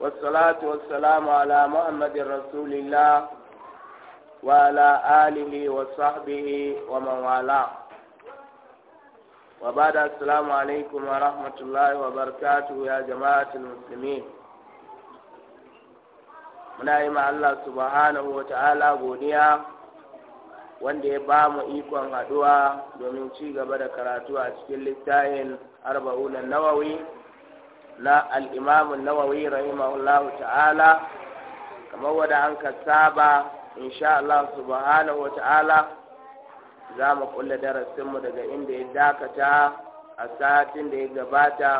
Wasu talatu, wasu salama, alamu, amma, da rasulillah wa la'alihi, wa sahabihi wa mawala. Wabata, alaikum wa rahmatullahi wa bartatau, ya jama'atin musulmi. Muna yi ma Allah Subhaana Uba ta'ala Godiya, wanda ya ba mu ikon haduwa domin cigaba da karatu a cikin littafin arba'un da na wari. na al'imamu nawawi rahimahullahu ta'ala kamar wadda an ka saba insha Allah subhanahu wa ta'ala za mu kulle darasinmu daga inda ya dakata a satin da ya gabata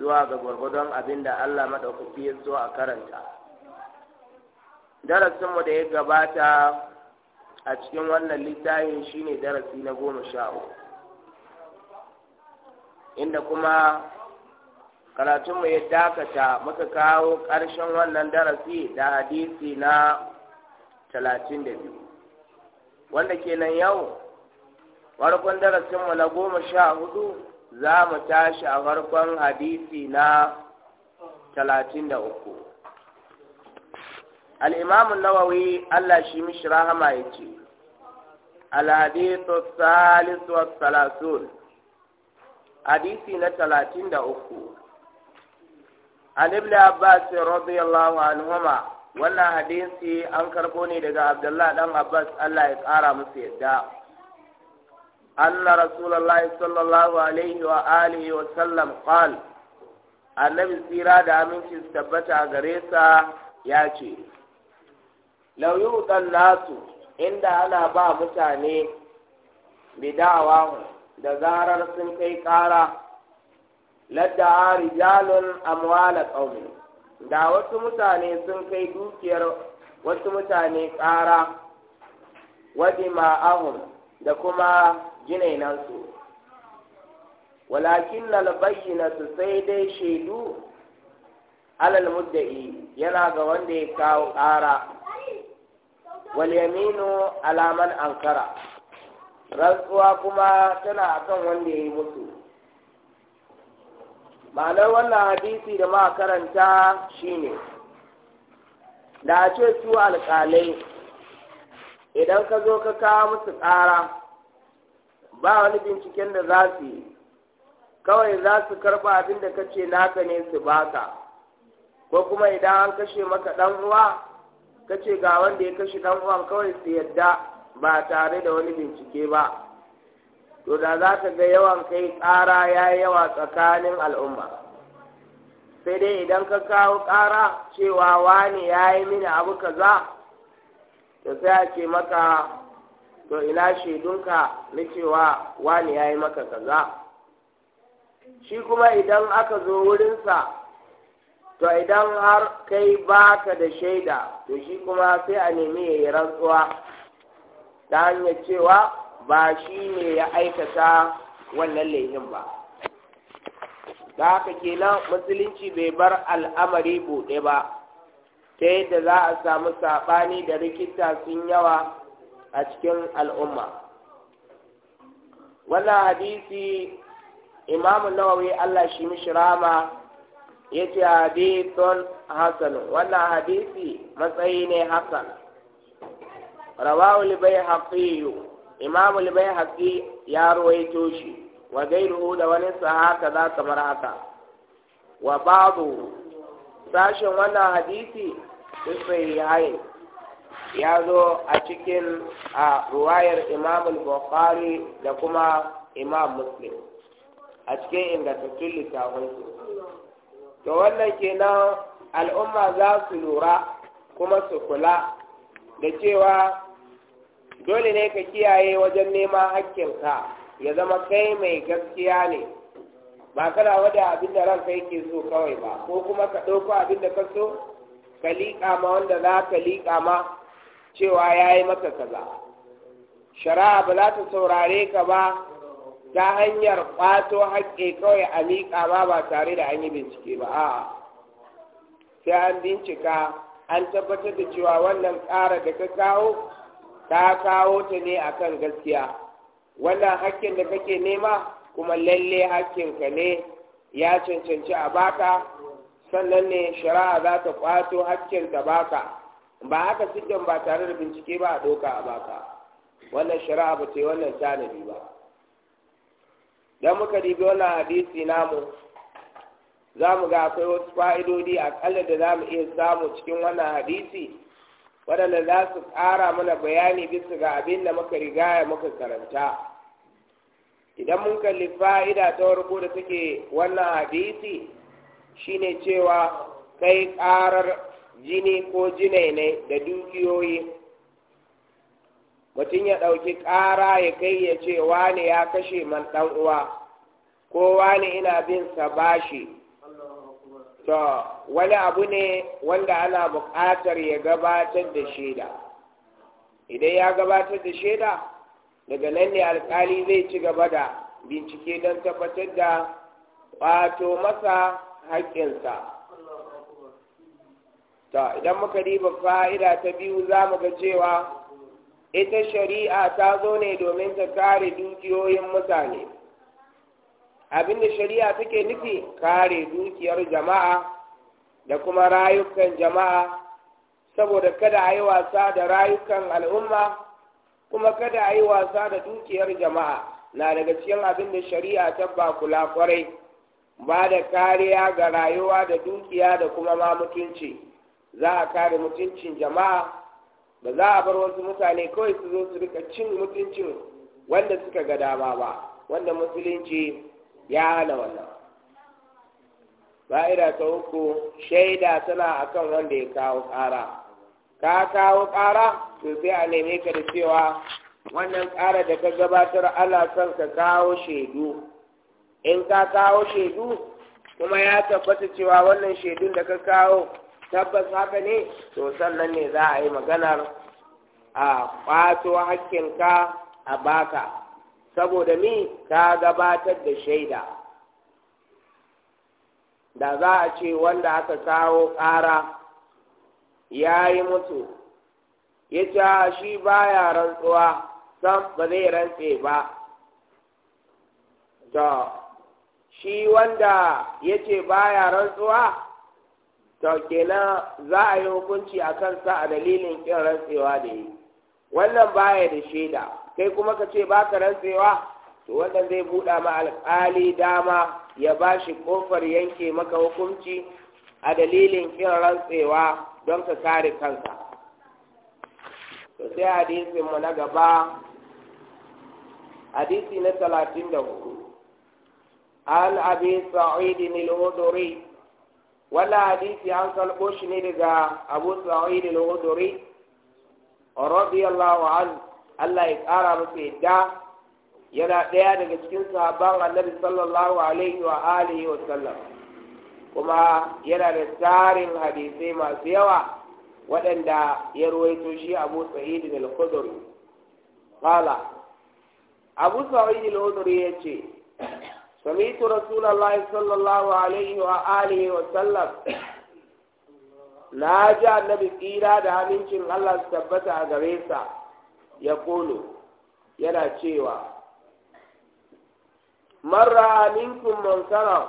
zuwa ga gwargwadon abin da Allah maɗaukaki ya zo a karanta darasinmu da ya gabata a cikin wannan littafin shine darasi na goma sha uku inda kuma karatunmu ya dakata muka kawo ƙarshen wannan darasi da hadisi na talatin da biyu wanda kenan yau farkon darasinmu na goma sha hudu za mu tashi a farkon hadisi na talatin da uku nawawi allah shi mishi rahama ya ce alhadisu salisu wa salasun hadisi na talatin da uku an ibn abbas radiyallahu anhuma wannan hadisi an karbo ne daga abdullahi dan abbas Allah ya kara musu yadda anna rasulullahi sallallahu alaihi wa alihi wa sallam qal annabi tsira da aminci su tabbata a gare sa ya ce lau yuɗan nasu inda ana ba mutane bidawa da zarar sun kai ƙara ladda rijalun amwala qaumin da wasu mutane sun kai dukiyar wasu mutane ƙara ahun, da kuma ginainansu walakin na su sai dai shaidu alal mudda'i yana ga wanda ya kawo ƙara wal yaminu alaman ankara rantsuwa kuma tana akan wanda ya yi mutu ma'anar wannan hadisi da ma karanta shine da ce su alƙalai idan ka zo ka kawo musu ƙara ba wani binciken da za su yi kawai za su karɓa abin da ka ce naka ne su baka ko kuma idan an kashe maka ɗan uwa ka ce ga wanda ya kashe ɗan uwan kawai su yadda ba tare da wani bincike ba to da za ka ga yawan kai ƙara ya yawa tsakanin al'umma sai dai idan ka kawo ƙara cewa wani ya yi mini abu kaza to sai a ce maka to ina shaidunka na cewa wani ya yi maka kaza shi kuma idan aka zo wurinsa to idan har kai baka da shaida to shi kuma sai a nemi yayi yi rantsuwa ta hanyar cewa ba shi ne ya aikata wannan laihin ba da haka kenan musulunci bai bar al'amari buɗe ba ta yadda za a samu saɓani da rikita sun yawa a cikin al'umma wannan hadisi imamu nawawi allah shi mishirama ya ce hadithun hasan wannan hadisi matsayi ne hasan rawahu bai haƙiyu imam bai baihaqi ya rawaito shi wa gairuhu da wani sa za kamar haka wa babu sashin wannan hadisi sai ya zo a cikin a ruwayar imam bukhari da kuma imam muslim a cikin ingantattun littafinsu to wannan kenan al'umma za su lura kuma su kula da cewa dole ne ka kiyaye wajen neman hakkinka ya zama kai mai gaskiya ne ba kana wada abin da ranka yake so kawai ba ko kuma ka ɗauko abin da ka so ka liƙa ma wanda za ka liƙa ma cewa ya yi maka kaza shari'a ba za ta saurare ka ba ta hanyar ƙwato haƙƙe kawai a liƙa ma ba tare da an yi bincike ba a sai an bincika an tabbatar da cewa wannan ƙara da ka kawo ta kawo ta ne a kan gaskiya wannan hakkin da kake nema kuma lalle hakkinka ne ya cancanci a baka sannan ne shari'a za ta kwato hakkin ta baka ba haka sikin ba tare da bincike ba a doka a baka wannan shari'a ba ce wannan tanadi ba don muka dibi wannan hadisi namu za mu ga akwai wasu fa'idodi aƙalla da za mu iya samu cikin wannan hadisi waɗanda za su ƙara mana bayani bisa ga abin da muka rigaya muka karanta idan mun kalli fa'ida ta warko da take wannan hadisi shine cewa kai ƙarar jini ko ne da dukiyoyi mutum ya ɗauki ƙara ya kai ya ce wani ya kashe man ɗan uwa ko wani ina bin sa bashi to wani abu ne wanda ana buƙatar ya gabatar da shaida idan ya gabatar da shaida daga nan ne alkali zai ci gaba da bincike don tabbatar da wato masa haƙƙinsa ta idan muka riba fa'ida ta biyu za mu ga cewa ita shari'a ta zo ne domin ta kare dukiyoyin mutane abin da shari'a take nufi kare dukiyar jama'a da kuma rayukan jama'a saboda kada a yi wasa da rayukan al'umma kuma kada a yi wasa da dukiyar jama'a na daga cikin abin da shari'a ta ba kula kwarai ba da kariya ga rayuwa da dukiya da kuma ma mutunci za a kare mutuncin jama'a ba za a bar wasu mutane kawai su zo su rika cin mutuncin wanda suka ga dama ba wanda musulunci ya hana wannan ba'ida ta uku shaida tana akan wanda ya kawo ƙara ka kawo ƙara to sai a neme ka da cewa wannan ƙara da ka gabatar Allah son ka kawo shaidu in ka kawo shaidu kuma ya tabbata cewa wannan shaidun da ka kawo tabbas haka ne to sannan ne za a yi maganar a ƙwato hakkinka a baka saboda mi ta gabatar da shaida da za a ce wanda aka kawo ƙara ya yi mutu ya ce shi ba ya rantsuwa sam ba zai rantse ba to shi wanda ya ce ba ya rantsuwa to kenan za a yi hukunci a kansa a dalilin ƙin rantsewa da yi wannan baya da shaida kai kuma ka ce ba ka rantsewa to wannan zai buɗa ma alƙali dama ya ba shi ƙofar yanke maka hukunci a dalilin kin rantsewa don ka kare kansa. to sai mu na gaba hadisi na talatin da hudu an abi sa'idi ne huduri wannan hadisi an karɓo shi ne daga abu sa'idi al رضي الله عنه Allah ya ƙara masa yadda yana ɗaya daga cikin sahabban annabi sallallahu alaihi wa alihi wa sallam kuma yana da tarin hadisai masu yawa waɗanda ya ruwaito shi abu sa'id al-khudri qala abu sa'id al-khudri yace alaihi رسول wa صلى الله عليه وآله وسلم tsira da النبي Allah su tabbata a gare sa. ya kolo yana cewa marra minkum munkara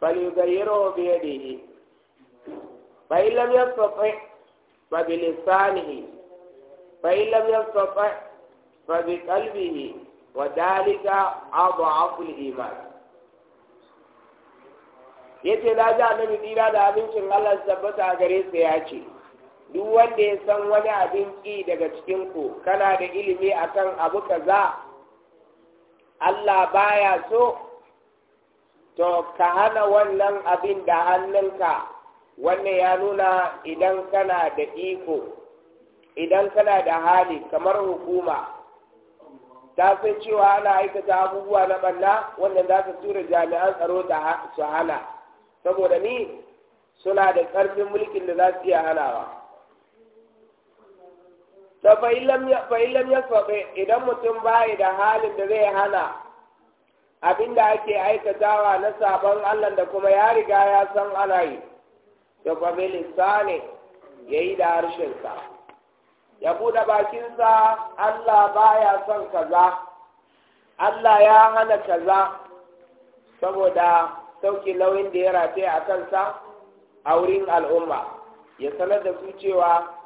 falyughayyirhu bi yadihi fa in lam yastati fa bi lisanihi fa in lam fa bi qalbihi wa dalika adhafu al-iman yace da ji annabi tsira da abincin Allah tabbata gare su ya ce duk wanda ya san wani abin ƙi daga cikinku kana da ilimi a kan abu ka za Allah baya so to ka hana wannan abin da hannunka wannan ya nuna idan kana da iko idan kana da hali kamar hukuma ta san cewa ana aikata abubuwa na ɓanna wannan za ta tura jami'an tsaro su hana saboda ni suna da ƙarfin mulkin da za su iya hanawa. da fa'ilam ya idan mutum bayi da halin da zai hana abinda ake aikatawa na sabon Allah da kuma ya riga ya san ana yi, da faɗi lissani ya yi da harshensa. Ya buɗe bakinsa Allah baya son kaza, Allah ya hana kaza, saboda sauki lauyin da ya rafe a kansa a wurin al'umma, ya sanar da su cewa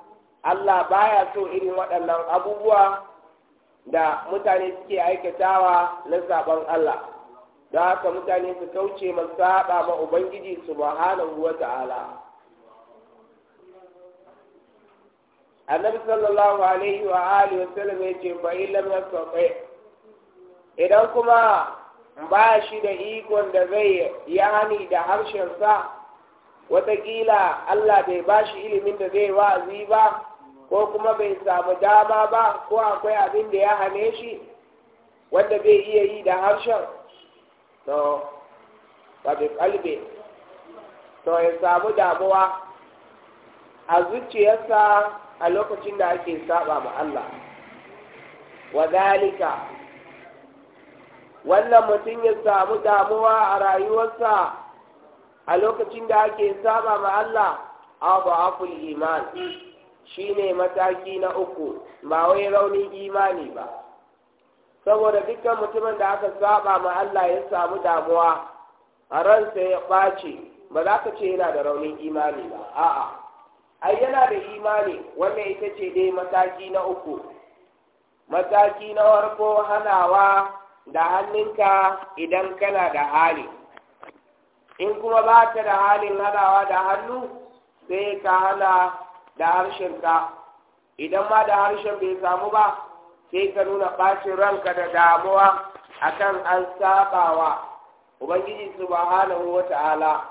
Allah baya so irin waɗannan abubuwa da mutane suke aikatawa na saɓon Allah da haka mutane su kauce ma saɓa ma Ubangiji subhanahu wa ta'ala annabi sallallahu alaihi wa alihi wa sallam ya ce fa idan kuma ba shi da ikon da zai yi hani da harshensa wataƙila Allah bai ba shi ilimin da zai wa'azi ba ko kuma bai samu dama ba ko akwai abin da ya hane shi wanda bai iya yi da harshen to babu kalbe to ya samu damuwa a zuciyarsa a lokacin da ake saba ma Allah wa zalika wannan mutum ya samu damuwa a rayuwarsa a lokacin da ake saba ma Allah abu aful iman Shi ne mataki na uku ba wai raunin imani ba saboda dukkan mutumin da aka saba ma Allah ya samu damuwa a ransa ya ɓace ba za ka ce yana da raunin imani ba a'a ai yana da imani wanda ita ce dai mataki na uku mataki na farko hanawa da hannunka idan kana da hali in kuma ba ka da halin hanawa da hannu sai ka hana da harshenka idan ma da harshen bai samu ba sai ka nuna ɓacin ranka da damuwa akan an saɓawa ubangiji subhanahu wa ta'ala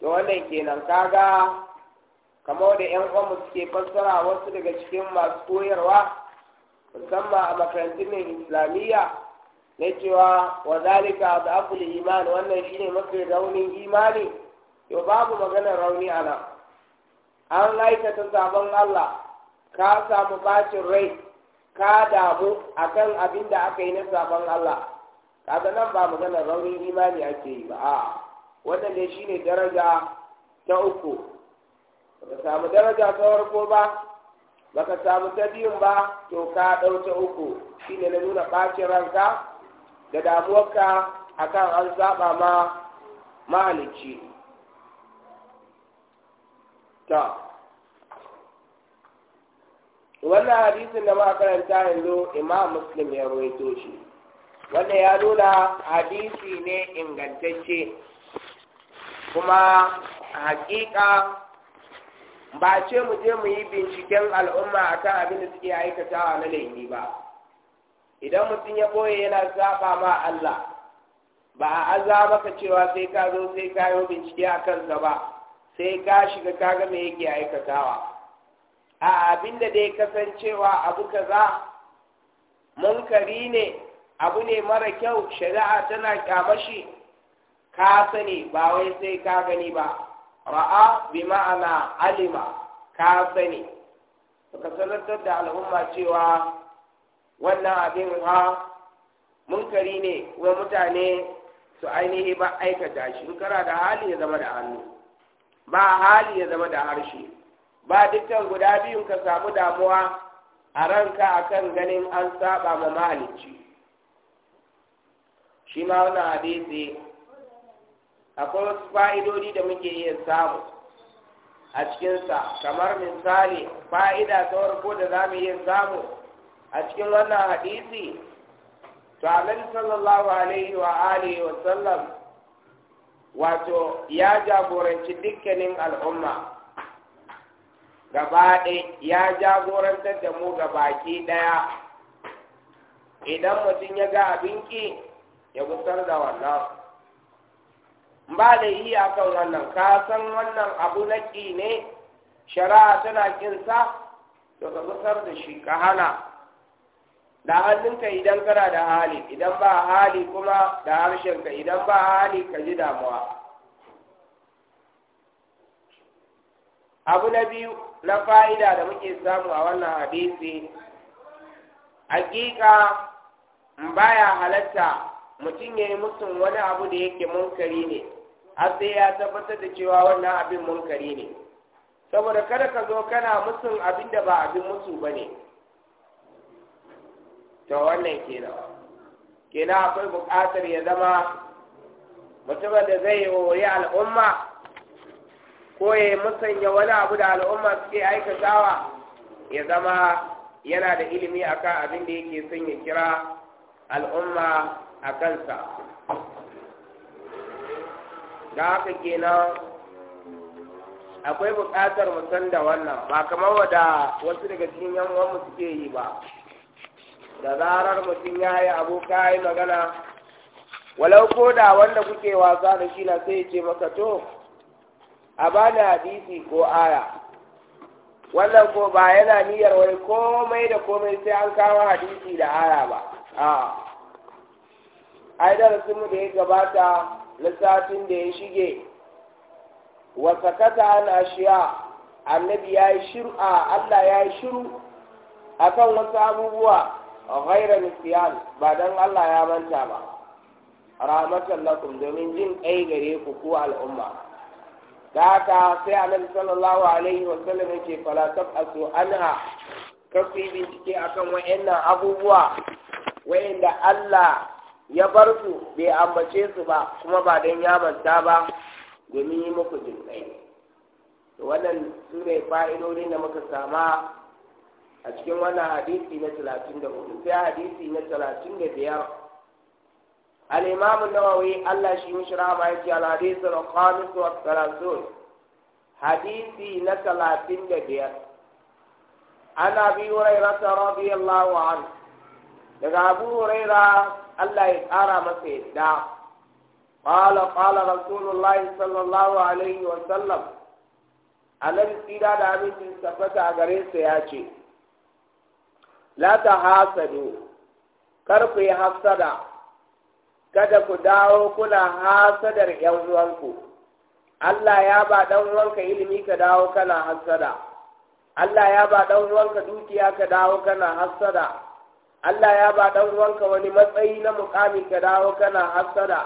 to wannan kenan kaga kamar da yan uwanmu suke fassara wasu daga cikin masu koyarwa musamman a makarantun islamiyya na cewa wa zalika da imani wannan shine mafi raunin imani to babu maganar rauni a nan an aikata sabon Allah ka samu bacin rai ka damu akan abin da aka yi na sabon Allah kaga nan ba maganar raunin imani ake yi ba a wannan ne daraja ta uku ka samu daraja ta farko ba baka samu ta biyun ba to ka ɗau ta uku shine na nuna bacin ranka da damuwarka akan an zaba ma mahalicci wannan hadisin da makaranta karanta yanzu imam muslim ya ruwaito shi wanda ya nuna hadisi ne ingantacce kuma hakika ba ce mu je mu yi binciken al'umma a kan abin da suke aikatawa na laifi ba idan mutum ya boye yana saba ma Allah ba a aza maka cewa sai ka zo sai ka yi bincike a kansa ba sai ka shiga ka kaga me yake aikatawa a abinda dai kasancewa abu kaza munkari ne abu ne mara kyau shari'a tana kyamashi ka sani ba wai sai ka gani ba ra'a bi ma'ana alima ka sani suka sanar da al'umma cewa wannan abin ha munkari ne kuma mutane su ainihi ba aikata shi kara da hali ya zama da hannu ba hali ya zama da harshe ba dukkan guda biyun ka samu damuwa a ranka akan ganin an saba ma mahalicci shi ma wannan hadisi akwai wasu fa'idodi da muke iya samu a cikinsa kamar misali fa'ida ta farko da za mu iya samu a cikin wannan hadisi to annabi sallallahu alaihi wa alihi wa sallam wato ya jagoranci dukkanin al'umma gabaɗe ya jagorantar da mu ga baki ɗaya idan mutum ya ga abinki ya gusar da wannan ba da yi a kan wannan ka san wannan abu na ne shari'a tana ƙinsa to ka gusar da shi ka hana da hannunka idan kana da hali idan ba hali kuma da harshenka idan ba hali ka ji damuwa abu na biyu na fa'ida da muke samu a wannan hadisi hakika baya halatta mutum ya yi mutum wani abu da yake munkari ne har sai ya tabbatar da cewa wannan abin munkari ne saboda kada ka zo kana mutum abin da ba abin mutu ba ne to wannan kenan kenan akwai buƙatar ya zama mutumin da zai wuri al'umma ko ya musanya wani abu da al'umma suke aikatawa ya zama yana da ilimi akan abin da yake son ya kira al'umma a kansa da haka kenan akwai buƙatar musan da wannan ba kamar wada wasu daga cikin yan uwanmu suke yi ba da zarar mutum ya yi abu ka yi magana walau ko da wanda kuke wasa da shi na sai ce maka to a bani hadisi ko aya wannan ko ba yana niyyar wani komai da komai sai an kawo hadisi da aya ba a ai mu da ya gabata lissafin da ya shige wasakata an ashiya annabi ya yi shiru a Allah ya yi shiru akan wasu abubuwa ghaira nisyan ba dan Allah ya manta ba rahmatan lakum domin jin kai gare ku ko al'umma data haka sai annabi sallallahu alaihi wa sallam yake fala tabasu anha kafi bincike akan wayannan abubuwa wayanda Allah ya bar su bai ambace su ba kuma ba don ya manta ba domin yi muku jinkai wannan su fa'idodin da muka sama a cikin wannan hadisi na talatin da hudu, sai hadisi na talatin da al-imam an-nawawi Allah shi mishi rahama yace al hadisi na khamis wa al-thalathun hadisi na biyar. ana bi hurairah radiyallahu anhu daga abu hurairah Allah ya kara masa yadda قال قال رسول الله صلى الله عليه وسلم الذي a دعوة su, ya ياتي la ta hasadu kar ku yi hasada kada ku dawo kuna hasadar yan uwanku Allah ya ba dan uwanka ilimi ka dawo kana hasada Allah ya ba dan uwanka dukiya ka dawo kana hasada Allah ya ba dan uwanka wani matsayi na mukami ka dawo kana hasada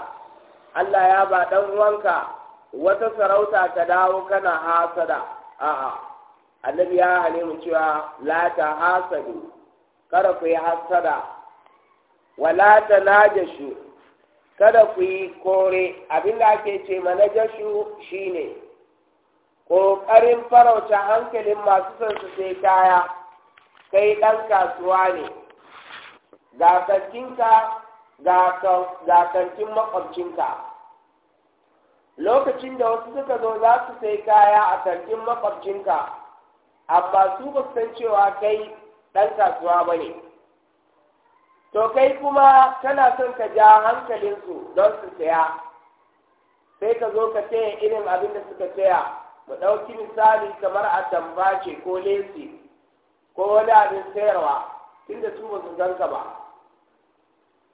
Allah ya ba dan uwanka wata sarauta ka dawo kana hasada a'a annabi ya halimu cewa la ta hasadu kada ku yi hassada wala ta najashu kada ku yi kore abin da ake ce ma manajashu shine ƙoƙarin farauta hankalin masu son su sai kaya kai ɗan kasuwa ne ga kankinka ga kankin makwabcinka lokacin da wasu suka zo za su sai kaya a kankin makwabcinka amma su ba san cewa kai ɗan kasuwa ba ne to kai kuma kana son ka ja hankalinsu don su saya sai ka zo ka taya irin abin da suka saya mu ɗauki misali kamar a tamba ko lesi ko wani abin sayarwa inda su ba su ba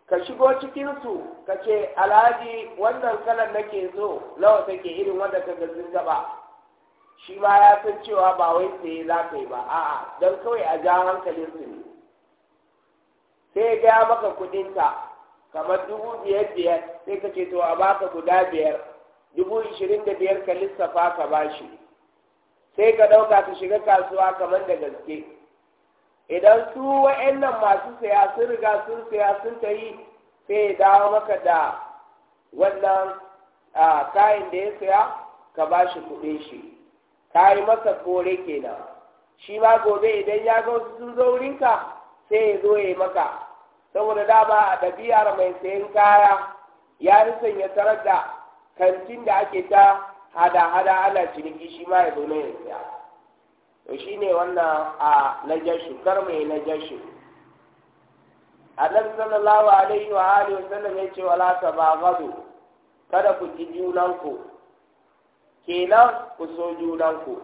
ka shigo cikinsu ka ce alhaji wannan kalan nake so nawa take irin wanda ka ga sun shi ma ya san cewa ba wai tsaye za ka yi ba a'a don kawai a ja hankalin su ne sai ya gaya maka kudinka kamar dubu biyar biyar sai ka ce to a baka guda biyar dubu ishirin da biyar ka lissafa ka ba shi. sai ka ɗauka ka shiga kasuwa kamar da gaske idan su wa'annan masu saya sun riga sun saya sun ta yi sai ya dawo maka da wannan ah, kayan da ya saya ka ba shi kuɗin shi ka yi masa kore kenan shi ma gobe idan ya zo su zo wurinka sai ya zo ya yi maka saboda dama a ɗabi'ar mai sayan kaya ya nisan ya tarar da kantin da ake ta hada-hada ana ciniki shi ma ya zo na ya siya to shi ne wannan a najashu kar mai najashu annabi sallallahu alaihi wa alihi wa sallam ya ce wala gado kada ku ki junanku kenan ku so junanku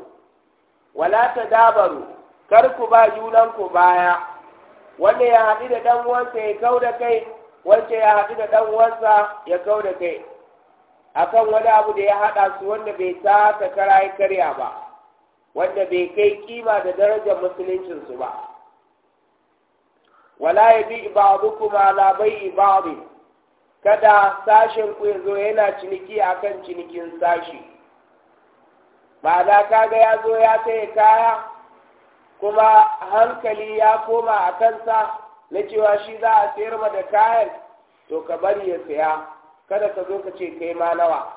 wala ta dabaru kar ku ba junanku baya wanda ya haɗu da ɗan uwansa ya kau da kai wacce ya haɗu da ɗan uwansa ya kau da kai akan wani abu da ya haɗa su wanda bai taka kara ya karya ba wanda bai kai kima da darajar musuluncinsu ba wala ya bi ba'dukum ala bai'i ba'd kada sashen ku zo yana ciniki akan cinikin sashi ma'ana ga ya zo ya sai kaya kuma hankali ya koma a kansa na cewa shi za a sayar ma da kayan to ka bari ya saya kada ka zo ka ce kai ma nawa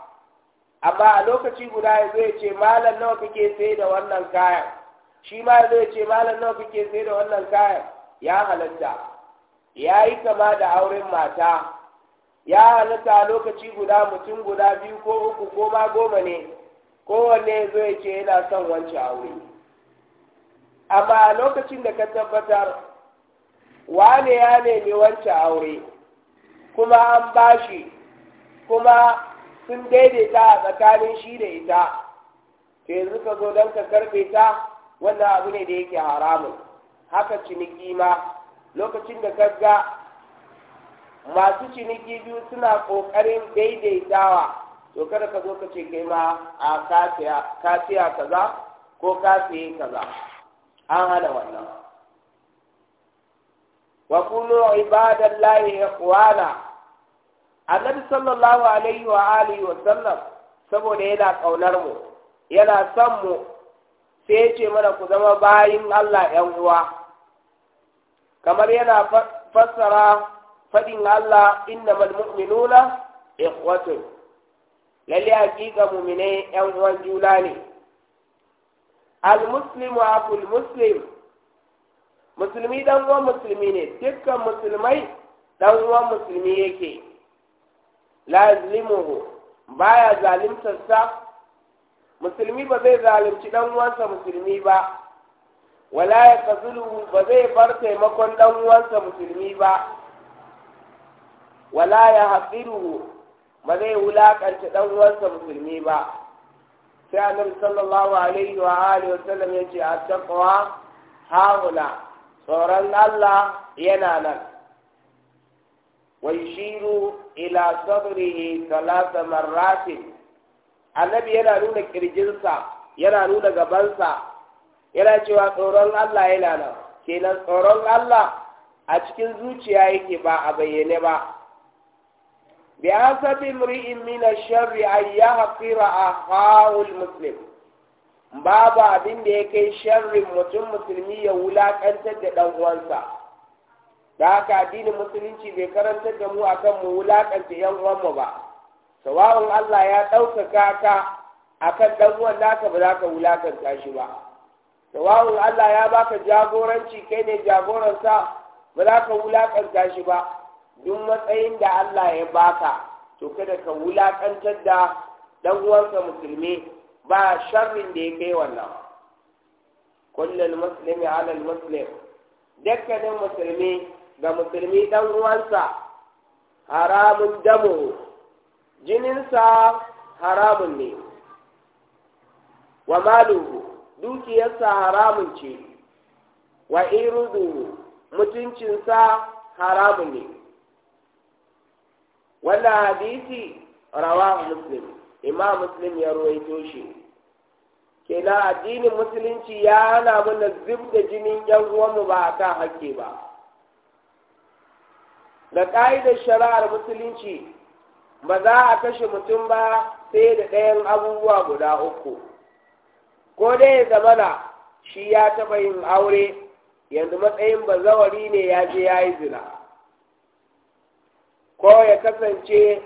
amma a lokaci guda ya zo ya ce malam nawa kake sai da wannan kayan shi ma ya zo ya ce malam nawa kake sai da wannan kayan ya halatta ya yi kama da auren mata ya halatta a lokaci guda mutum guda biyu ko uku ko ma goma ne kowanne zo ya ce yana son wancan aure amma a lokacin da ka tabbatar wane ya nemi wancan aure kuma an bashi kuma sun daidaita a tsakanin shi da ita to yanzu ka zo don ka karfe ta wannan abu ne da yake haramun haka ciniki ma lokacin da ka ga masu ciniki biyu suna ƙoƙarin daidaitawa to kada ka zo ka ce kai ma a kafiya kaza ko kafiye kaza an hada wannan wa kullu ibadallahi ikhwana annabi sallallahu alaihi wa alihi wa sallam saboda yana kaunar mu yana son mu sai ya ce mana ku zama bayin Allah ‘yan uwa, kamar yana fassara faɗin Allah innamal mu'minuna ikhwatun lalle hakika muminai yan uwan juna ne al-muslim wa akul muslim musulmi dan uwan musulmi ne dukkan musulmai dan uwan musulmi yake la ba baya zalimtar sa musulmi ba zai zalunci dan uwansa musulmi ba wala ya kazuluhu ba zai bar taimakon dan uwansa musulmi ba wala ya haqiruhu ba zai wulakanta ɗan uwansa musulmi ba sai annabi sallallahu alaihi wa alihi wasallam ya ce a taqwa haula tsoron Allah yana nan wa yushiru ila sadrihi thalatha marratin annabi yana nuna ƙirjinsa, yana nuna gabansa yana cewa tsoron Allah yana nan kenan tsoron Allah a cikin zuciya yake ba a bayyane ba بحسب امرئ من الشر أن يحقر أخاه المسلم babu abin ya kai sharrin mutum musulmi ya wulakantar da ɗan uwansa da haka addinin musulunci bai karantar da mu akan mu wulakanta yan uwanmu ba sawa'un Allah ya ɗaukaka ka akan ɗan uwan naka ba za ka wulakanta shi ba sawa'un Allah ya baka jagoranci kai ne jagoransa ba ka wulakanta shi ba duk matsayin da Allah ya baka to kada ka wulakantar da dan uwanka musulmi ba sharrin da ya kai wannan kullal muslimi ala muslim dukkanin musulmi ga musulmi dan uwansa haramun damu jininsa haramun ne wa maluhu dukiyarsa haramun ce wa irudu mutuncinsa haramun ne wannan hadisi rawa muslim imam muslim ya ruwaito shi kenan addinin musulunci ya hana mana zub da jinin yan uwanmu ba a kan hakke ba da ƙa'idar shari'ar musulunci ba za a kashe mutum ba sai da ɗayan abubuwa guda uku ko dai ya zamana shi ya taɓa yin aure yanzu matsayin bazawari ne ya je ya yi zina ko ya kasance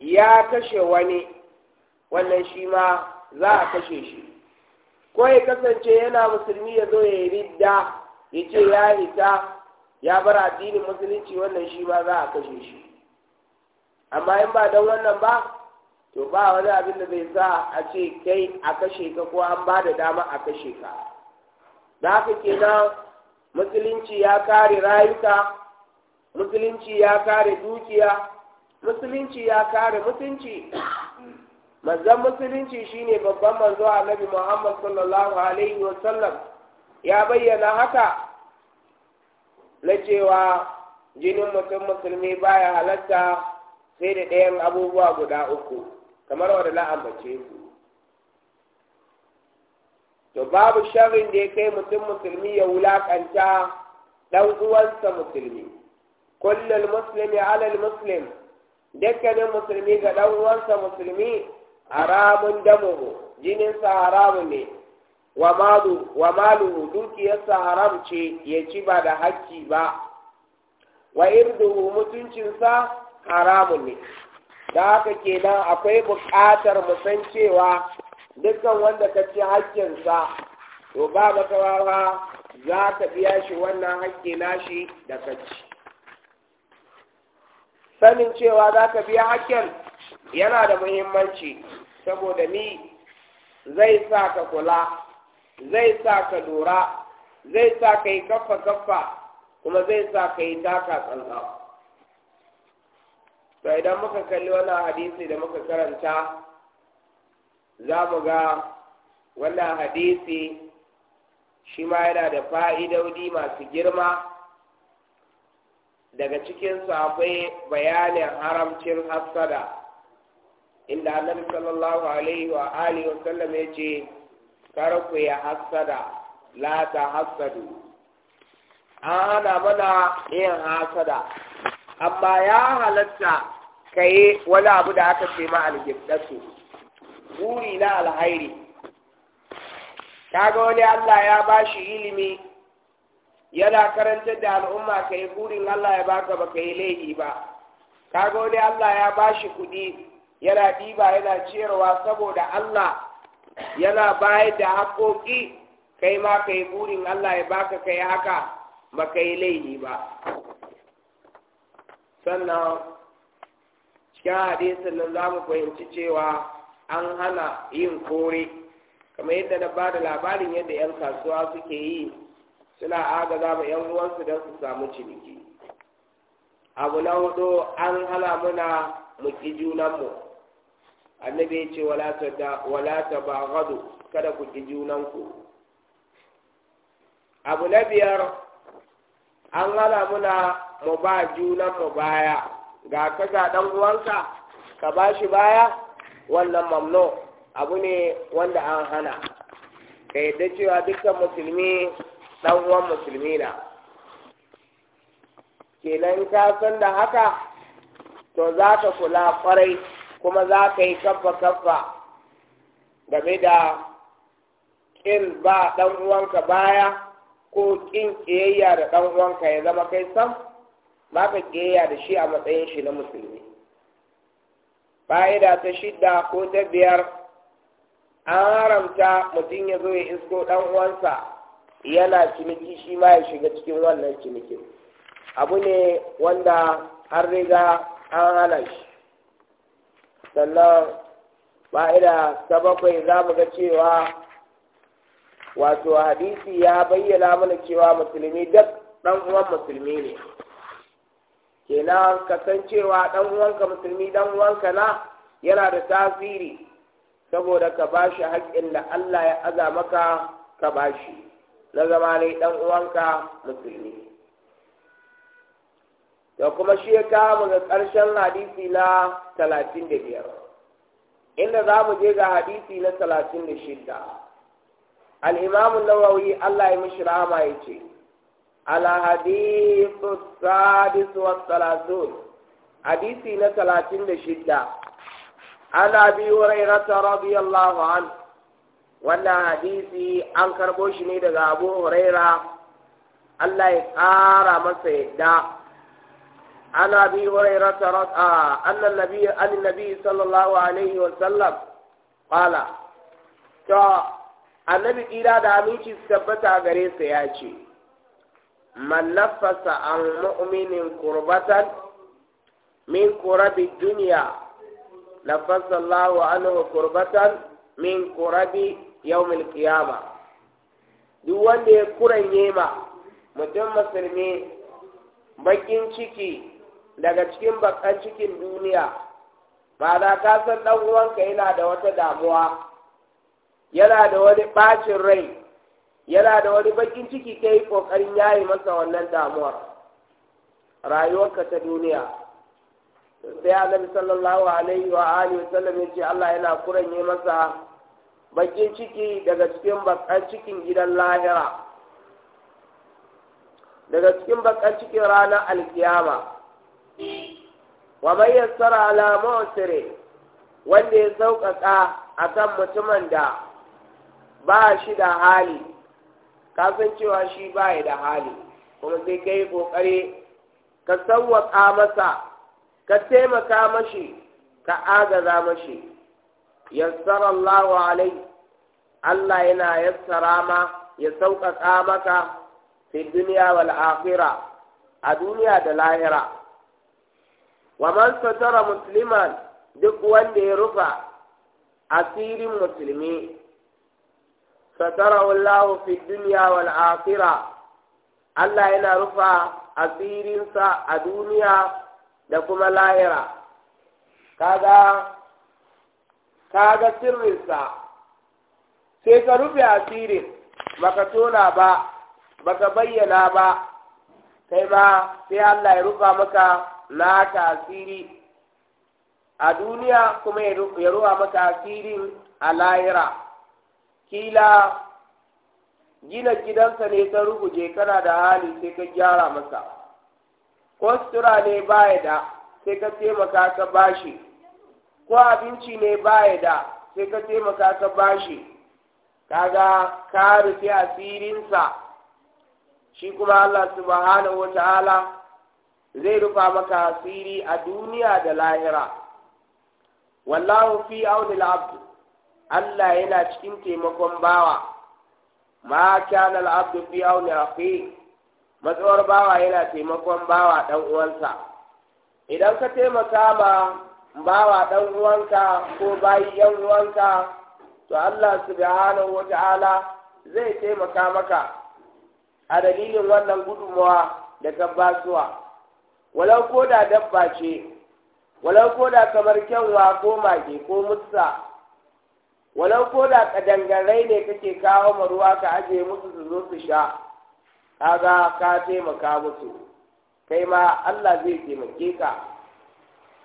ya kashe wani wannan shi ma za a kashe shi ko ya kasance yana musulmi ya zo ya yi ridda ya ce ya hita ya bar addinin musulunci wannan shi ma za a kashe shi amma in ba don wannan ba to ba wani abin da zai sa a ce kai a kashe ka ko an ba da dama a kashe ka da haka kenan musulunci ya kare rayuka musulunci ya kare dukiya musulunci ya kare mutunci manzon musulunci shine babban manzo annabi Muhammad sallallahu alaihi wa sallam, ya bayyana haka na cewa jinin mutum musulmi baya halatta sai da ɗayan abubuwa guda uku kamar wadda na ambace su to babu sharrin da ya kai mutum musulmi ya wulakanta ɗan uwansa musulmi kullum musulmi alal muslim dukkanin musulmi ga ɗan uwansa musulmi haramun damuhu jininsa haramun ne wa maluhu dukiyarsa haram ce ya ci ba da hakki ba wa irduhu mutuncinsa haramun ne da haka kenan akwai bukatar musancewa cewa dukkan wanda ka ci sa to ba makawa za ka biya shi wannan hakki nashi da ka sanin cewa za ka biya hakken yana da muhimmanci saboda ni zai sa ka kula zai sa ka lura zai sa ka yi kaffa kaffa kuma zai sa ka yi taka tsantsa to idan muka kalli wannan hadisi da muka karanta za mu ga wannan hadisi shi ma yana da fa'idodi masu girma daga cikin akwai bayanin haramcin hassada inda annabi sallallahu alaihi wa alihi wa sallam ya ce kar ku ya hassada la ta hassadu an hana mana yin hassada amma ya halatta ka yi wani abu da aka ce ma algibdasu buri na alhairi kaga wani Allah ya bashi ilimi yana karantar da al'umma ka yi burin Allah ya baka ba ka yi laifi ba kaga wani Allah ya bashi kuɗi yana ɗiba yana ciyarwa saboda Allah yana bayar da haƙoƙi kai ma ka yi burin Allah ya baka ka yi haka ba ka yi laifi ba sannan cikin hadisin nan za mu fahimci cewa an hana yin kore kamar yadda na ba da labarin yadda 'yan kasuwa suke yi suna agaza ma yan uwansu don su samu ciniki abu na hudu an hana muna mu ki junanmu annabi ce wala ta ba kada ku ki junanku abu na biyar an hana muna mu ba junanmu baya ga ka ga dan uwanka ka ba shi baya wannan mamno abu ne wanda an hana ka yadda cewa dukkan musulmi ɗan uwan musulmi na kenan ka san da haka to za ka kula kwarai kuma za ka yi kaffa kaffa game da ƙin ba ɗan uwanka baya ko ƙin ƙiyayya da ɗan uwanka ya zama kai sam ba ka ƙiyayya da shi a matsayin shi na musulmi fa'ida ta shidda ko ta biyar an haramta mutum ya zo ya isko ɗan uwansa yana ciniki shi ma ya shiga cikin wannan cinikin abu ne wanda har riga an hana shi sannan ba'ida ta bakwai za mu ga cewa wato hadisi ya bayyana mana cewa musulmi duk ɗan uwan musulmi ne kenan kasancewa ɗan uwanka musulmi ɗan uwanka na yana da tasiri saboda ka ba shi haƙƙin da Allah ya aza maka ka ba shi. na zama ne dan uwanka musulmi da kuma shi ya kawo mu ga ƙarshen hadisi na talatin da biyar inda za mu je ga hadisi na talatin da shida al'imamun nawawi allah ya mishi rahama ya ce alhadisu sadisu wa salatun hadisi na talatin da ana bi hurairata radiyallahu anhu wannan hadisi an karbo shi ne daga abu huraira Allah ya ƙara masa yadda ta أبي annan nabi annan nabi sallallahu alaihi wa sallam وسلم to annabi kira da aminci su tabbata gare sa ya ce man nafasa an mu'minin qurbatan min qurabi duniya nafasa Allahu anhu qurbatan min qurabi yawmin qiyama duk wanda ya kuranye ma mutum musulmi bakin ciki daga cikin bakan cikin duniya ba za ka san dan uwanka yana da wata damuwa yana da wani bacin rai yana da wani bakin ciki kayi kokarin yayi masa wannan damuwar rayuwarka ta duniya sai annabi sallallahu alaihi wa alihi ya yace Allah yana kuranye masa bakin ciki daga cikin bakan cikin gidan lahira daga cikin baƙar cikin ranar alkiyama wa mai yassara ala wanda ya sauƙaƙa a kan mutumin da ba shi da hali kasancewa shi ba da hali kuma sai ka yi ƙoƙari ka sauwaƙa masa ka taimaka mashi ka agaza mashi yassara Allah alai Allah yana yassara ma ya sauƙaƙa maka fi duniya wal akhira a duniya da lahira wa man satara musliman duk wanda ya rufa asirin musulmi satara Allah fi duniya wal akhira Allah yana rufa asirinsa a duniya da kuma lahira kaga ka ga sirrinsa sai ka rufe asirin baka tona ba baka bayyana ba kai ma sai Allah ya rufa maka naka asiri a duniya kuma ya ruwa maka asirin a lahira kila gina gidansa ne ta ruguje kana da hali sai ka gyara masa ko ne baya da sai ka taimaka ka bashi ko abinci ne baya da sai ka taimaka ka bashi kaga ka rufe asirinsa shi kuma Allah subhanahu wata'ala zai rufa maka asiri a duniya da lahira wallahu fi aunil abdu Allah yana cikin taimakon bawa ma kana al-abdu fi auni akhi matsawar bawa yana taimakon bawa dan uwansa idan ka taimaka ma bawa ɗan ruwanka ko bayi ‘yan ruwanka, to Allah subhanahu wa ta'ala zai taimaka maka a dalilin wannan gudunmawa da tabbasuwa. basuwa. Walau ko da dabba ce, walau ko da kamar kyanwa ko mage ko mutsa, walau ko da kadangarai ne kake kawo ma ruwa ka ajiye musu su zo su sha, kaga ka taimaka musu, kai ma Allah zai taimake ka.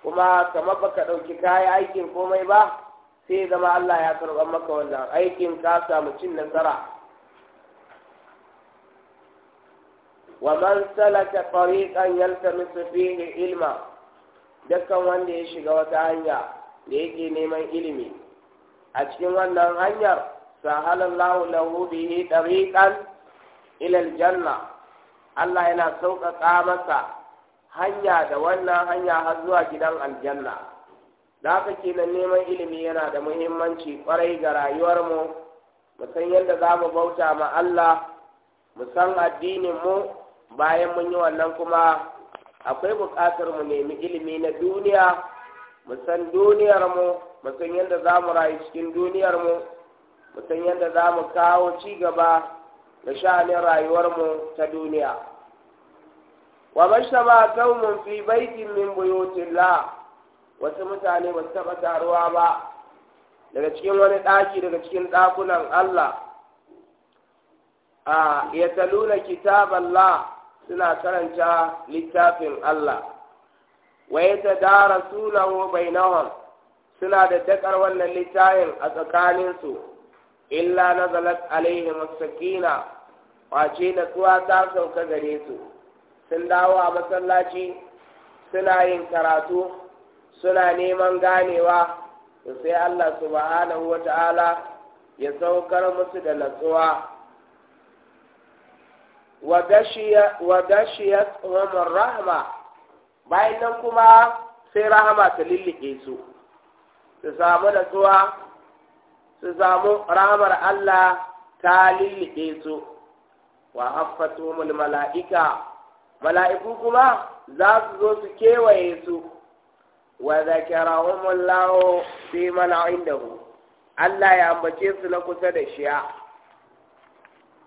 kuma kamar baka ɗauki kayan aikin komai ba sai zama Allah ya karɓar maka wannan aikin ka samu cin nasara wa man salaka tariqan yaltamisu fihi ilma dukkan wanda ya shiga wata hanya da yake neman ilimi a cikin wannan hanyar sahalallahu lahu bihi tariqan ila aljanna Allah yana sauƙaƙa masa hanya da wannan hanya har zuwa gidan aljanna da haka kenan neman ilimi yana da muhimmanci kwarai ga rayuwarmu mu san yadda za mu bauta ma Allah mu san addinin mu bayan mun yi wannan kuma akwai buƙatar mu nemi ilimi na duniya mu san duniyar mu mu san yadda za mu rayu cikin duniyar mu mu san yadda za mu kawo ci gaba da sha'anin rayuwar mu ta duniya wa mashtaba qaumun fi baitin min buyutillah wasu mutane ba su taɓa taruwa ba daga cikin wani ɗaki daga cikin ɗakunan Allah a ya taluna kitaballah suna karanta littafin Allah wa ya tadara sunahu bainahum suna da dakar wannan littafin a tsakaninsu illa nazalat alaihim as-sakina wace natsuwa ta sauka gare su sun dawo a masallaci suna yin karatu suna neman ganewa to sai Allah subhanahu wa ta'ala ya saukar musu da natsuwa wa gashiyat umar rahma bayan nan kuma sai rahama ta lillike su su samu natsuwa su samu rahamar Allah ta lillike su wa haffatumul mala'ika mala'iku kuma za su zo su kewaye su wa zakarahumullahu fi man indahu Allah ya ambace su na kusa da shiya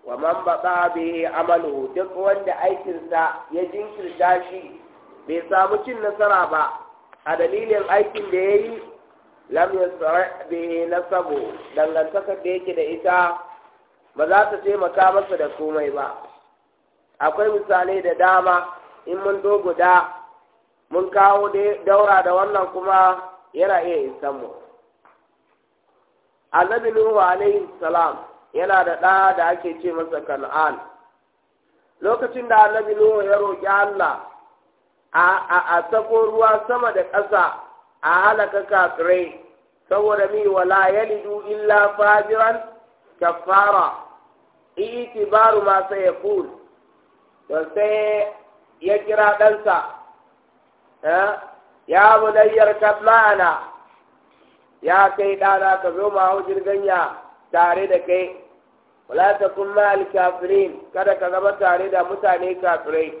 wa man baqa bihi amalu duk wanda aikinsa ya jinkirta shi bai samu cin nasara ba a dalilin aikin da yayi lam yasra bi nasabu dangantakar da yake da ita ba za ta taimaka masa da komai ba akwai misalai da dama in mun guda mun kawo daura da wannan kuma yana iya isan mu annabi nuhu alaihi salam yana da ɗa da ake ce masa kan'an lokacin da annabi nuhu ya roƙi allah a sako ruwa sama da ƙasa a halaka kafirai saboda mi wala yalidu illa fajiran kafara itibaru ma sayakun to sai ya kira ɗansa eh, ya bunayyar kabla'ana ya kai ɗana ka zo ma hau jirganya tare da kai wala ta kuma alkafirin kada ka zama tare da mutane kafirai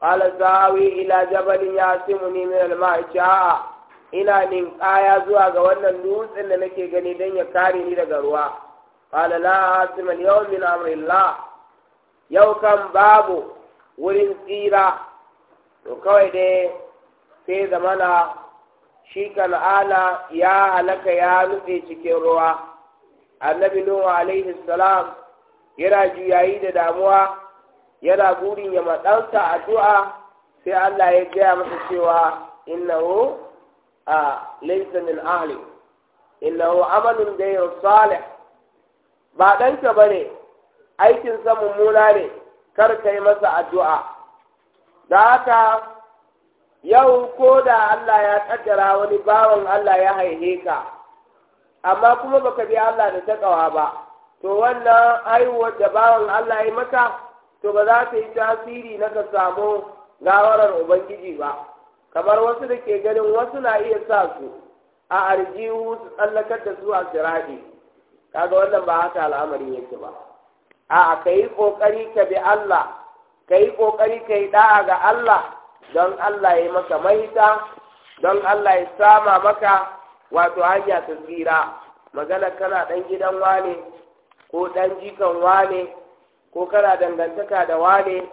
ala zawi ila jabalin yasimuni min alma'i sha'a ina ninƙaya zuwa ga wannan dutsen da nake gani don ya kare ni daga ruwa ala na asim yau min amrillah yau kan babu wurin tsira to kawai dai sai zamana shi kan'ana ya halaka ya nutse cikin ruwa annabi nuhu alaihi salam yana juyayi da damuwa yana burin ya matsansa addu'a sai Allah ya gaya masa cewa innahu a laysa min ahli innahu amalun yau salih ba ba ne. aikinsa mummuna ne kar ka yi masa addu'a da haka yau ko da Allah ya ƙaddara wani bawan Allah ya haihe ka amma kuma baka bi Allah da taƙawa ba to wannan haihuwar da bawan Allah ya maka to ba za ta yi tasiri na ka samu gawarar Ubangiji ba kamar wasu da ke ganin wasu na iya sa su a arjihu su tsallakar da su a kaga wannan ba haka al'amarin yake ba a'a kai ƙoƙari ka bi Allah kai kokari kai ɗa'a ga Allah don Allah ya maka mahita don Allah ya sama maka wato hanya ta tsira magana kana ɗan gidan wane ko dan jikan wane ko kana dangantaka da wane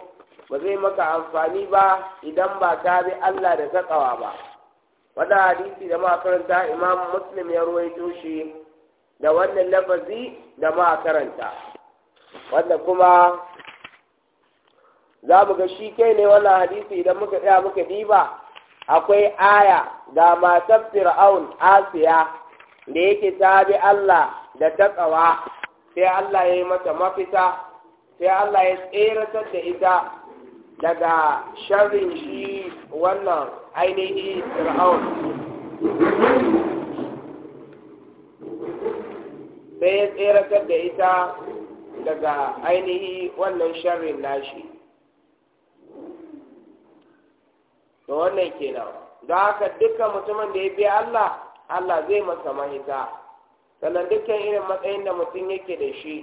ba zai maka amfani ba idan ba ka bi Allah da zaƙawa ba wanda hadisi da ma karanta imam muslim ya ruwaito shi da wannan lafazi da ma karanta wanda kuma za mu ga shi kai ne wannan hadisi idan muka tsaya muka diba akwai aya ga matan fir'aun asiya da yake tabi Allah da ta tsawa. sai Allah ya yi mata mafita sai Allah ya tseratar da ita daga sharrin shi wannan ainihi fir'aun sai ya tseratar da ita daga ainihi wannan sharrin nashi to wannan kenan don haka dukkan mutumin da ya bi Allah Allah zai masa mahita sannan dukkan irin matsayin da mutum yake da shi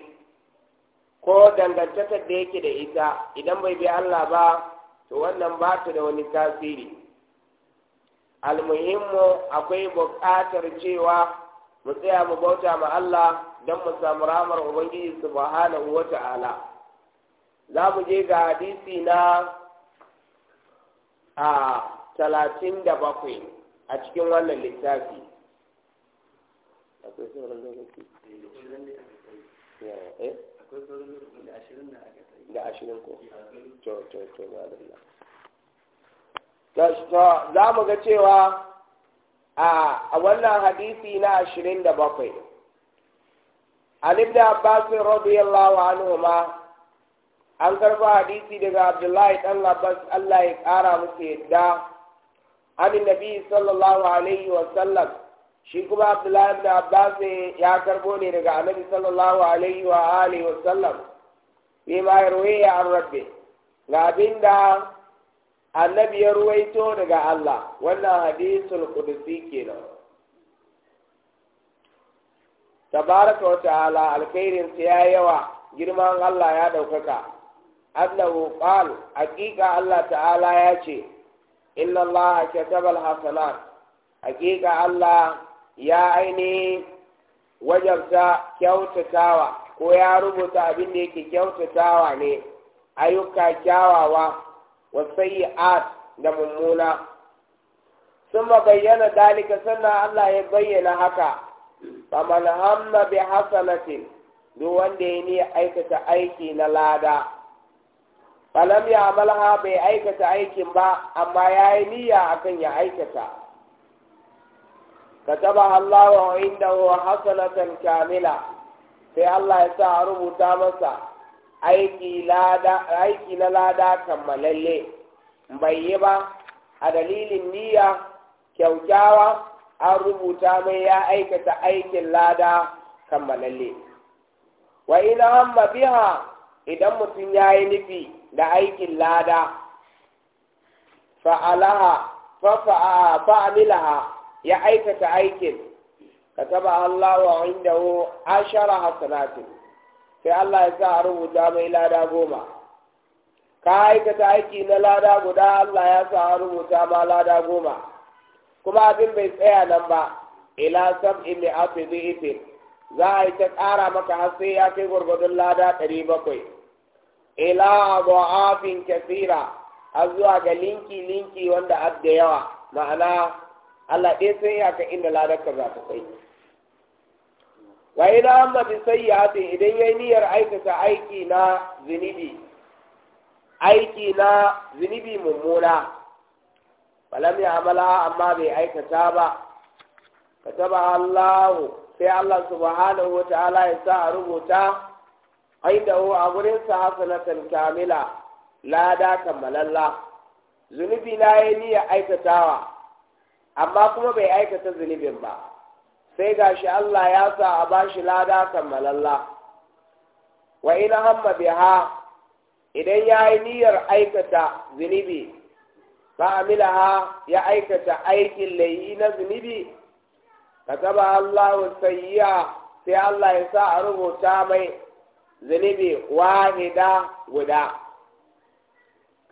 ko dangantakar da yake da ita idan bai bi Allah ba to wannan ba ta da wani tasiri almuhimmu akwai buƙatar cewa mu tsaya mu bauta ma Allah don mu samu ramar ubangiji subhanahu wa ta'ala za mu je ga hadisi na a talatin da bakwai a cikin wannan littafi akwai sauran eh? da ashirin za mu ga cewa a wannan hadisi na ashirin da bakwai an ibn abbas radiyallahu anhuma an karba hadisi daga abdullahi dan abbas Allah ya kara musu yadda an nabi sallallahu alayhi wa sallam shi kuma abdullahi ibn abbas ya karbo ne daga annabi sallallahu alayhi wa alihi wa sallam bi ma ya an rabbi ga abinda annabi ya ruwaito daga Allah wannan hadisul qudsi kenan tabaraka wa ta'ala alkhairin ya yawa girman Allah ya daukaka annahu qal haqiqa Allah ta'ala ya ce inna Allah kataba alhasanat haqiqa Allah ya aini wajabta kyautatawa ko ya rubuta abin da yake kyautatawa ne ayyuka kyawawa wa sayyi'at da mummuna sun bayyana dalika sannan Allah ya bayyana haka faman hamma bi hasanatin duk wanda ya ne aikata aiki na lada falam ya amalha bai aikata aiki ba amma ya yi niyya akan ya aikata kataba Allah inda wa hasanatan sai Allah ya sa a rubuta masa aiki na lada kammalalle bai yi ba a dalilin niyya kyaukyawa an rubuta mai ya aikata aikin lada kammalalle wa ina hamma biha idan mutum ya yi nufi da aikin lada fa'alaha fa'amilaha ya aikata aikin ka taba Allah wa inda ashara hasanatin sai Allah ya sa a rubuta mai lada goma ka aikata aiki na lada guda Allah ya sa a rubuta ma lada goma kuma abin bai tsaya nan ba ila sab'i mi'ati dhi'fin za a yi ta ƙara maka har sai ya kai gwargwadon lada ɗari bakwai ila dha'afin kathira har zuwa ga linki linki wanda da yawa ma'ana Allah ɗaya sai ya ka inda ladar ka za ta kai wa ila amma bi sayyi'atin idan yayi niyyar aikata aiki na zinibi aiki na zunubi mummuna falam ya amala amma bai aikata ba kataba Allah sai Allah subhanahu wa ta'ala ya sa a rubuta aidahu a gurin sa hasanatan kamila lada kammalalla zunubi na ya niyya aikatawa amma kuma bai aikata zunubin ba sai gashi Allah ya sa a bashi lada kammalalla wa ina hamma biha idan ya yi niyyar aikata zunubi fa'amilaha ya aikata aikin layi na zinibi? kataba Allahu sayyi'a sai Allah ya sa a rubuta mai zunubi wahida guda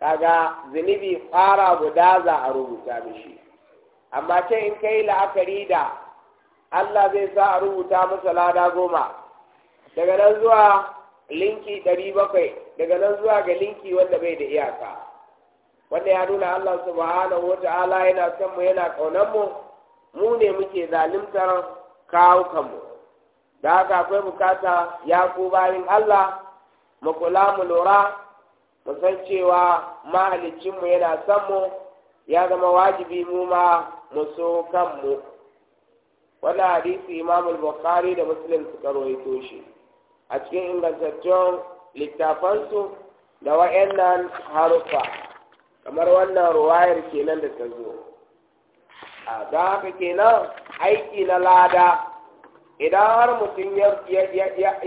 kaga zunubi fara guda za a rubuta mishi amma ce in kai la'akari da Allah zai sa a rubuta masa lada goma daga nan zuwa linki ɗari daga nan zuwa ga linki wanda bai da iyaka wanda ya nuna Allah subhanahu wata'ala yana son mu yana kaunar mu mu ne muke zalimtar kawo kanmu da haka akwai bukata ya ku bayin Allah mu kula mu lura mu san cewa mu yana son mu ya zama wajibi mu ma mu so kanmu wannan hadisi Imam al-Bukhari da Muslim suka rawaito shi a cikin ingantaccen littafansu da wa'annan haruffa kamar wannan ruwayar kenan da ta zo a za ka kenan aiki na lada idan har mutum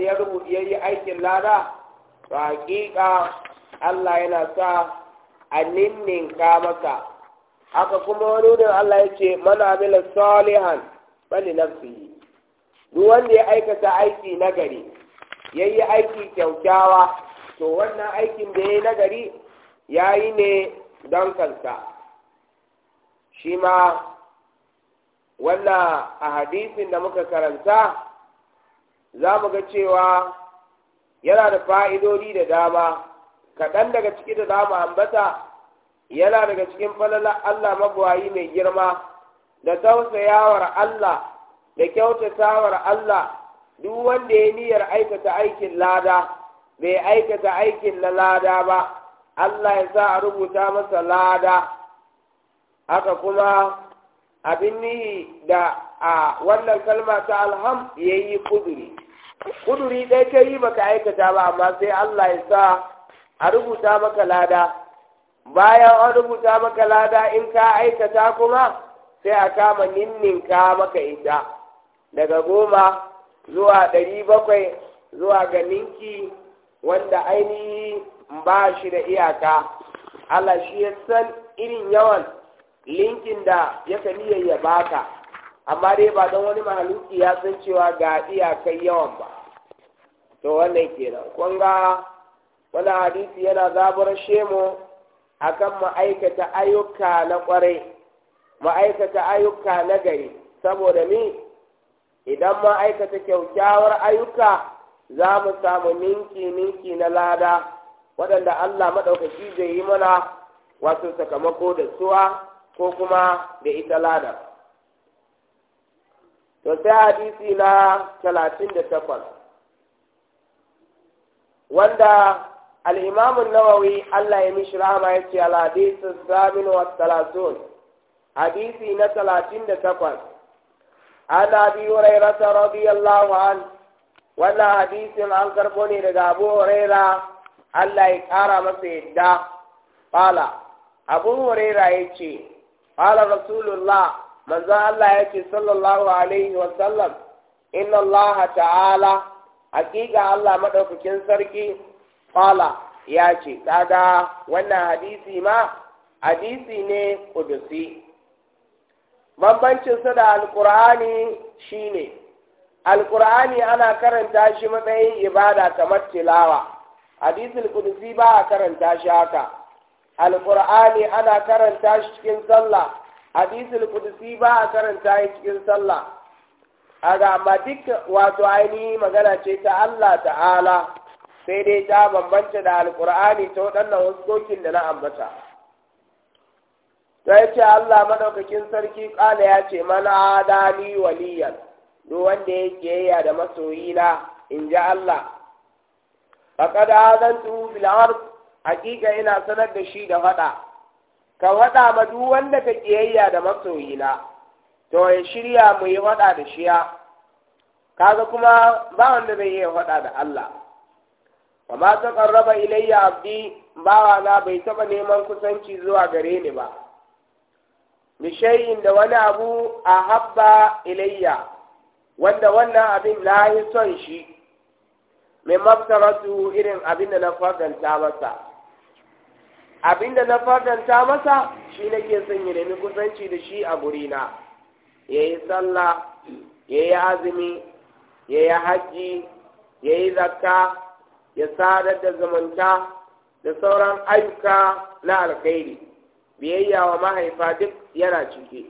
ya rubuta ya yi aikin lada to hakika Allah yana sa a ka maka. haka kuma wani wurin Allah ya ce mana amila salihan bali nafsihi duk wanda ya aikata aiki na gari. ya yi aiki kyaukyawa to wannan aikin da ya yi na gari. ya yi ne don kansa shi ma wannan a hadisin da muka karanta za mu ga cewa yana da fa'idodi da dama kaɗan daga ciki da dama ambata yana daga cikin falalar Allah magwayi mai girma da tausayawar Allah da kyautatawar Allah duk wanda ya niyyar aikata aikin lada bai aikata aikin na lada ba Allah ya sa a rubuta masa lada haka kuma abin nihi da a wannan kalma ta alham ya yi kuduri kuduri ɗaya ka yi baka aikata ba amma sai Allah ya sa a rubuta maka lada bayan an rubuta maka lada in ka aikata kuma sai a kama ninninka maka ita daga goma zuwa ɗari bakwai zuwa ga ninki wanda ainihi ba shi da iyaka Allah shi ya san irin yawan linkin da ya kaniya ya baka amma dai ba don wani mahaluki ya san cewa ga iyakai yawan ba to wannan kenan kun ga wani hadisi yana zabar shemu kan ma'aikata ayyuka na kwarai ma'aikata ayyuka na gari saboda ni idan ma'aikata kyaukyawar ayyuka za mu samu ninki ninki na lada waɗanda Allah maɗaukaki zai yi mana wato sakamako da suwa ko kuma da ita lada. To sai hadisi na talatin da takwas, wanda al'imamun nawawi Allah ya mishi rama ya ce al'adisun zamin wa talatin, hadisi na talatin da takwas, an abi hurairata radiyallahu an, wannan hadisin an karɓo ne daga abu huraira Allah ya ƙara masa yadda fala abun huraira ya ce fala rasulullah manzo Allah ya ce sallallahu alaihi wa sallam. inna Allah ta'ala hakika Allah maɗaukakin sarki fala ya ce kaga wannan hadisi ma hadisi ne kudusi bambancinsa da alƙur'ani shine alqur'ani ana karanta shi matsayin ibada kamar tilawa hadisul qudsi ba karanta shi haka alqur'ani ana karanta shi cikin sallah hadisul qudsi ba karanta shi cikin sallah aga amma duk wato ainihi magana ce ta Allah ta'ala sai dai ta bambanta da alqur'ani ta waɗannan wasokin da na ambata sai ce Allah madaukakin sarki kala ya ce mana adani waliyan duk wanda yake yaya da masoyina in ji Allah faqad azantu bil ard haqiqa ina sanar da shi da fada ka fada ma duk wanda ka ƙiyayya da masoyina to ya shirya mu yi fada da shiya kaga kuma ba wanda zai iya fada da Allah wa ma taqarraba ilayya abdi bawa na bai taɓa neman kusanci zuwa gare ni ba bishayin da wani abu a habba ilayya wanda wannan abin na yi son shi mai maftaratu irin abinda na fadanta masa abinda na fadanta masa shi nake son ya nemi kusanci da shi a gurina ya yi sallah ya yi azumi ya yi haji ya yi zakka ya sadar da zumunta da sauran ayyuka na alkhairi biyayya wa mahaifa duk yana cike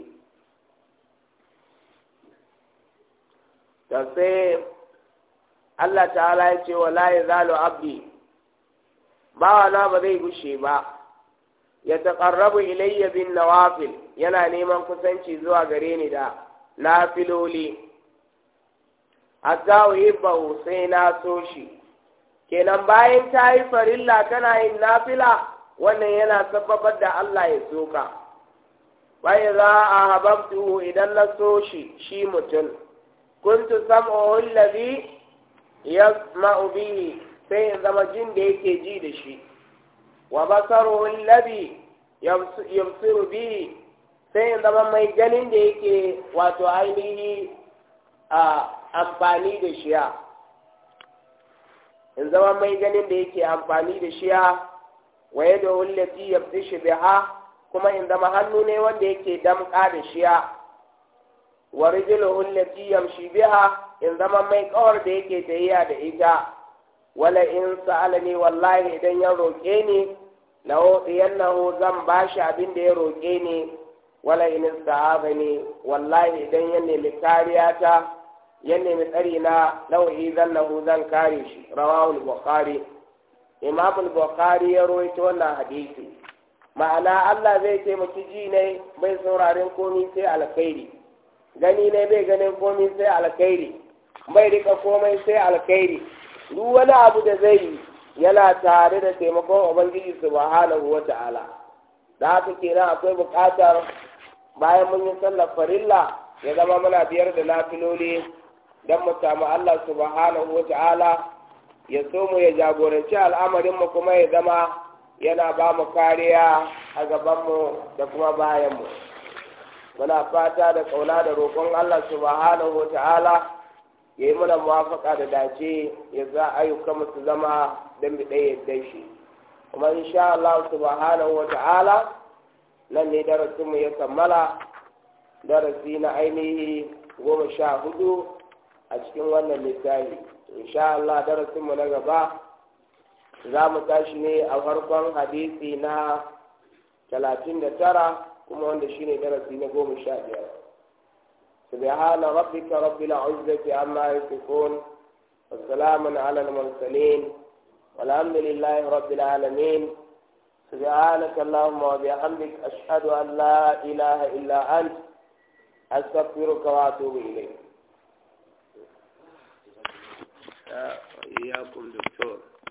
da sai Allah ta'ala ya ce wala zalo abdi bawa na ba zai gushe ba ya taƙarrabu ilayya bin nawafil yana neman kusanci zuwa gare ni da nafiloli hatta uhibbahu sai na so shi kenan bayan ta yi farilla tana yin nafila wannan yana sababar da Allah ya soka bai za a hababtu idan na so shi shi mutum kuntu sam'uhu allazi yasma'u bihi sai ya zama jin da yake ji da shi wa basaru alladhi yabsiru bihi sai zama mai ganin da yake wato ainihi a amfani da shiya in zama mai ganin da yake amfani da shiya wa yadda wallati shi biha kuma in zama hannu ne wanda yake damƙa da shiya wa rijluhu allati yamshi biha in zama mai kawar da yake tahiya da ita wala in sa'alani wallahi idan ya roƙe ni la utiyannahu zan bashi abin da ya roƙe ni wala in ista'azani wallahi idan ya nemi kariya ta ya nemi tsari na nau'i zannahu zan kare shi rawahul bukhari imam al-bukhari ya rawaito wannan hadisi ma'ana Allah zai taimaki ji ne bai saurarin komai sai alkhairi gani ne bai ganin komai sai alkhairi bai rika komai sai alkhairi duk wani abu da zai yi yana tare da taimakon ubangiji subhanahu wa ta'ala da haka kenan akwai buƙatar bayan mun yi sallar farilla ya zama muna biyar da nafiloli dan mu samu Allah subhanahu wa ta'ala ya so mu ya jagoranci al'amarin mu kuma ya zama yana ba mu kariya a gaban mu da kuma bayanmu. muna fata da kauna da roƙon Allah subhanahu wa ta'ala ya yi muna muwafaka da dace ya za ayyukan su zama don bi ɗaya yadda shi kuma insha Allah subhanahu wa ta'ala nan ne darasinmu mu ya kammala darasi na ainihi goma sha hudu a cikin wannan misali insha Allah darasin mu na gaba za mu tashi ne a farkon hadisi na talatin da tara kuma wanda shine darasi na goma sha biyar سبحان ربك رب العزة عما يصفون وسلام على المرسلين والحمد لله رب العالمين سبحانك اللهم وبحمدك أشهد أن لا إله إلا أنت أستغفرك وأتوب إليك إياكم دكتور